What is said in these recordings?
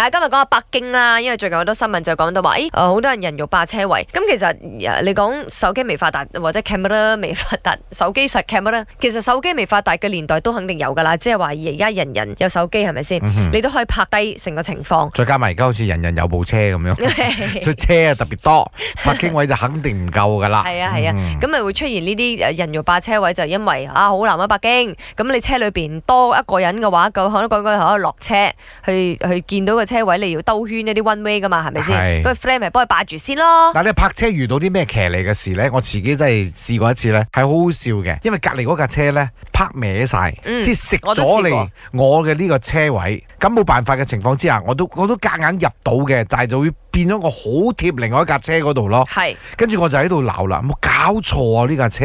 係今日講下北京啦，因為最近好多新聞就講到話，誒，好多人人肉霸車位。咁其實你講手機未發達或者 camera 未發達，手機實 camera，其實手機未發達嘅年代都肯定有㗎啦。即係話而家人人有手機係咪先？你都可以拍低成個情況。再加埋而家好似人人有部車咁樣，所以車啊特別多，泊車位就肯定唔夠㗎啦。係啊係啊，咁咪會出現呢啲誒人肉霸車位，就因為啊好難喺北京。咁你車裏邊多一個人嘅話，個可能嗰個人可以落車去去見到個。車位你要兜圈一啲 one way 噶嘛，係咪先？嗰是個 friend 咪幫佢霸住先咯。但，你泊車遇到啲咩騎嚟嘅事咧？我自己真係試過一次咧，係好好笑嘅。因為隔籬嗰架車咧泊歪晒，嗯、即係食咗你我嘅呢個車位。咁冇辦法嘅情況之下，我都我都夾硬入到嘅，但係就會變咗我好貼另外一架車嗰度咯。係跟住我就喺度鬧啦，冇、嗯、搞錯啊！呢架車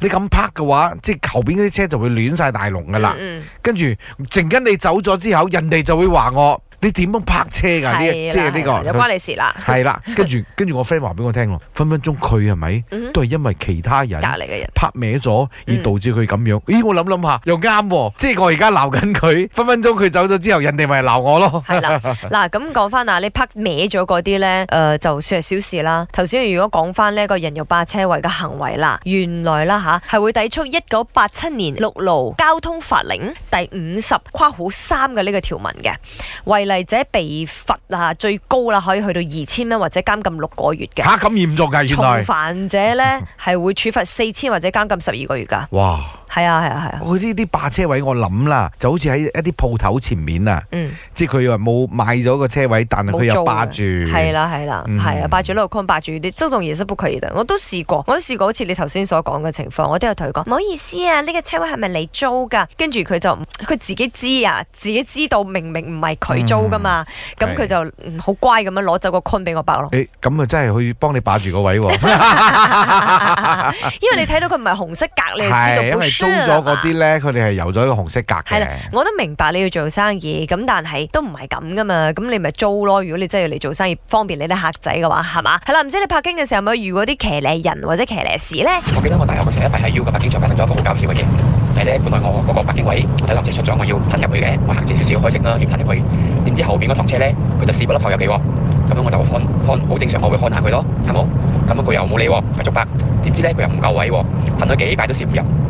你咁泊嘅話，即係後邊嗰啲車就會亂晒大龍噶啦。跟住、嗯，靜、嗯、緊你走咗之後，人哋就會話我。你點樣泊車㗎？呢即係呢個有關你事啦。係啦，跟住跟住，我 friend 話俾我聽喎，分分鐘佢係咪都係因為其他人，人泊歪咗，而導致佢咁樣？咦、嗯，我諗諗下又啱喎、啊。即係我而家鬧緊佢，分分鐘佢走咗之後，人哋咪鬧我咯。係啦，嗱咁講翻嗱，你泊歪咗嗰啲呢，誒、呃，就算係小事啦。頭先如果講翻呢個人肉霸車位嘅行為啦，原來啦嚇係會抵觸一九八七年六路交通法令第五十括號三嘅呢個條文嘅，為例者被罰啊，最高啦，可以去到二千蚊或者監禁六個月嘅。嚇，咁嚴重㗎。從犯者呢，係會處罰四千或者監禁十二個月㗎。哇！係啊，係啊，係啊！佢呢啲霸車位我諗啦，就好似喺一啲鋪頭前面啊，嗯、即係佢又冇賣咗個車位，但係佢又霸住。係啦，係啦，係啊霸住呢個框，霸住啲，周仲同二手佢一我都試過，我都試過，好似你頭先所講嘅情況，我都有同佢講，唔好意思啊，呢、這個車位係咪你租噶？跟住佢就佢自己知啊，自己知道明明唔係佢租噶嘛，咁佢、嗯、就好是乖咁樣攞走個框俾我霸咯。誒、欸，咁啊真係去幫你霸住嗰位喎， 因為你睇到佢唔係紅色格，你知。租咗嗰啲咧，佢哋係有咗一個紅色格嘅。係啦，我都明白你要做生意咁，但係都唔係咁噶嘛。咁你咪租咯。如果你真係要嚟做生意，方便你啲客仔嘅話，係嘛係啦。唔知你 parking 嘅時候咪遇過啲騎呢人或者騎呢事咧？我記得我大學嘅時候一排喺 U 嘅 parking 場發生咗一個好搞笑嘅嘢就係咧。本來我嗰個 parking 位我睇趟車出咗，我要噴入去嘅，我行少少開聲啦，要噴入去。點知後邊嗰趟車咧，佢就屎不甩頭入嚟，咁樣我就看看好正常，我會看下佢咯，係冇咁啊。佢又冇理，繼續拍。點知咧，佢又唔夠位喎，噴咗幾擺都入唔入。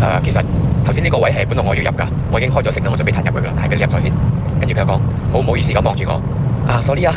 誒，uh, 其實頭先呢個位係本來我要入噶，我已經開咗燈啦，我準備褪入去啦，睇下你入咗先，跟住佢講，好唔好意思咁望住我，啊，sorry 啊。